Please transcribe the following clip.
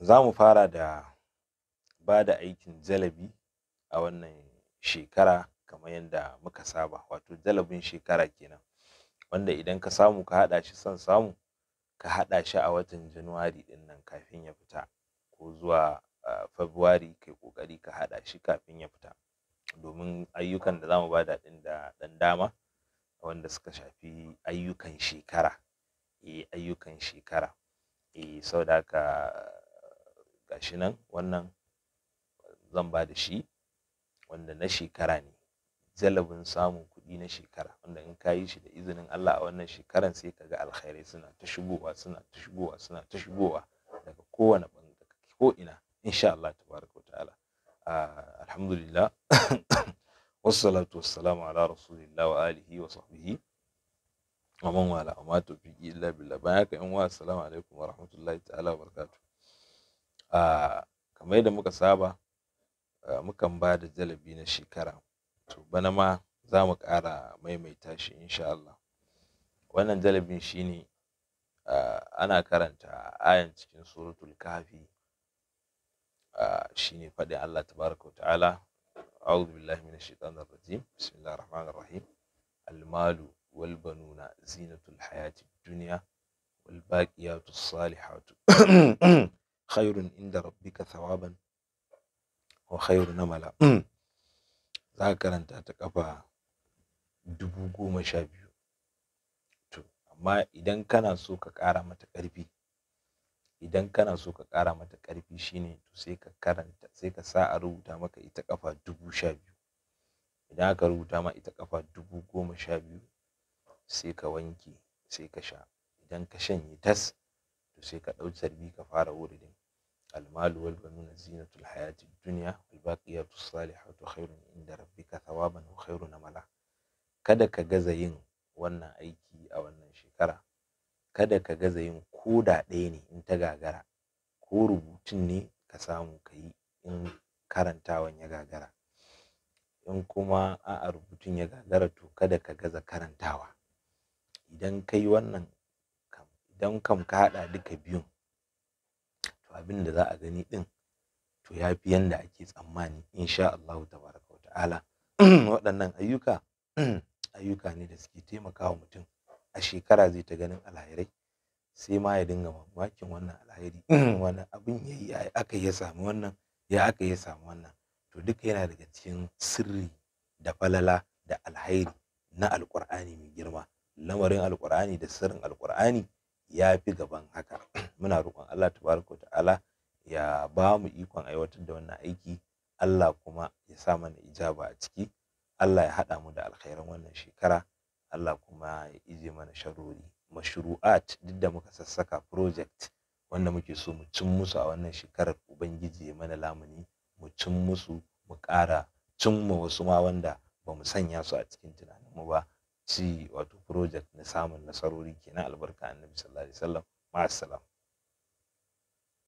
za mu fara da ba da aikin jalabi a wannan shekara kamar yadda muka saba wato jalabin shekara kenan wanda idan ka samu ka haɗa shi son samu ka haɗa shi a watan januwari ɗin nan kafin ya fita ko zuwa february kai ƙoƙari ka haɗa shi kafin ya fita domin ayyukan da za mu da ɗin da ɗan dama wanda suka shafi ayyukan shekara e ayyukan shekara eh saboda haka gashi nan wannan zan ba da shi wanda na shekara ne jalabin samun kuɗi na shekara wanda in ka yi shi da izinin Allah a wannan shekaran sai ka ga alkhairai suna ta shigowa suna ta shigowa suna ta shigowa daga kowane ɓangare ko ina insha Allah tabaraka ta'ala ah, alhamdulillah wassalatu wassalamu ala rasulillah wa alihi wa sahbihi wa man wala amma tawfiqi illa billah bayan haka in wa assalamu alaikum wa rahmatullahi ta'ala wa barakatuh kamar yadda muka saba mukan ba da jalabi na shekara to bana ma za mu ƙara maimaita shi insha Allah wannan jalabin ne ana karanta ayan cikin suratul Shi ne faɗin Allah tabaraka wa ta'ala a'udhu billahi minash shaitanir rajim al-malu wal banuna zinatul hayatid duniya, wal baqiyatus salihatu khairun inda rabbika thawaban wa khairu namala mm. za ka karanta ta kafa dubu goma sha biyu to amma idan kana so ka ƙara mata idan kana so ka ƙara mata ƙarfi shine to sai ka karanta sai ka sa a rubuta maka ita kafa dubu sha biyu idan aka rubuta ma ita kafa dubu goma sha biyu sai ka wanke sai ka sha idan ka shanye tas to sai ka ɗau carbi ka fara wuridin almalu wal banuna zinatul hayati dunya wal baqiyatu salihatu khairun inda rabbika thawaban wa khairun amala kada ka gaza yin wannan aiki a wannan shekara kada ka gaza yin koda ɗaya ne in ta gagara ko rubutun ne ka samu ka yi in karantawan ya gagara in kuma a rubutun ya gagara to kada ka gaza karantawa idan ka yi wannan Dan kam ka haɗa duka biyun to abin da za a gani ɗin to ya fi yanda ake tsammani insha Allah tabaraka wa ta'ala waɗannan ayyuka ayyuka ne da suke taimakawa mutum a shekara zai ta ganin alhairai sai ma ya dinga mamakin wannan alhairi wani abin ya yi aka ya samu wannan ya aka ya samu wannan to duka yana daga cikin sirri da falala da alhairi na alƙur'ani mai girma lamarin alƙur'ani da sirrin alƙur'ani ya fi gaban haka muna roƙon Allah tabaraka ta'ala ya ba mu ikon aiwatar da wannan aiki Allah kuma ya sa mana ijaba a ciki Allah ya haɗa mu da alkhairan wannan shekara Allah kuma ya ije mana sharori mashru'at duk da muka sassaka project wanda muke so mu cin musu a wannan shekarar ubangiji ya mana lamuni mu cin musu mu ƙara cimma wasu ma wanda ba mu sanya su a cikin tunanin mu ba ci wato project na samun nasarori kenan albarka annabi sallallahu alaihi wasallam ma'assalam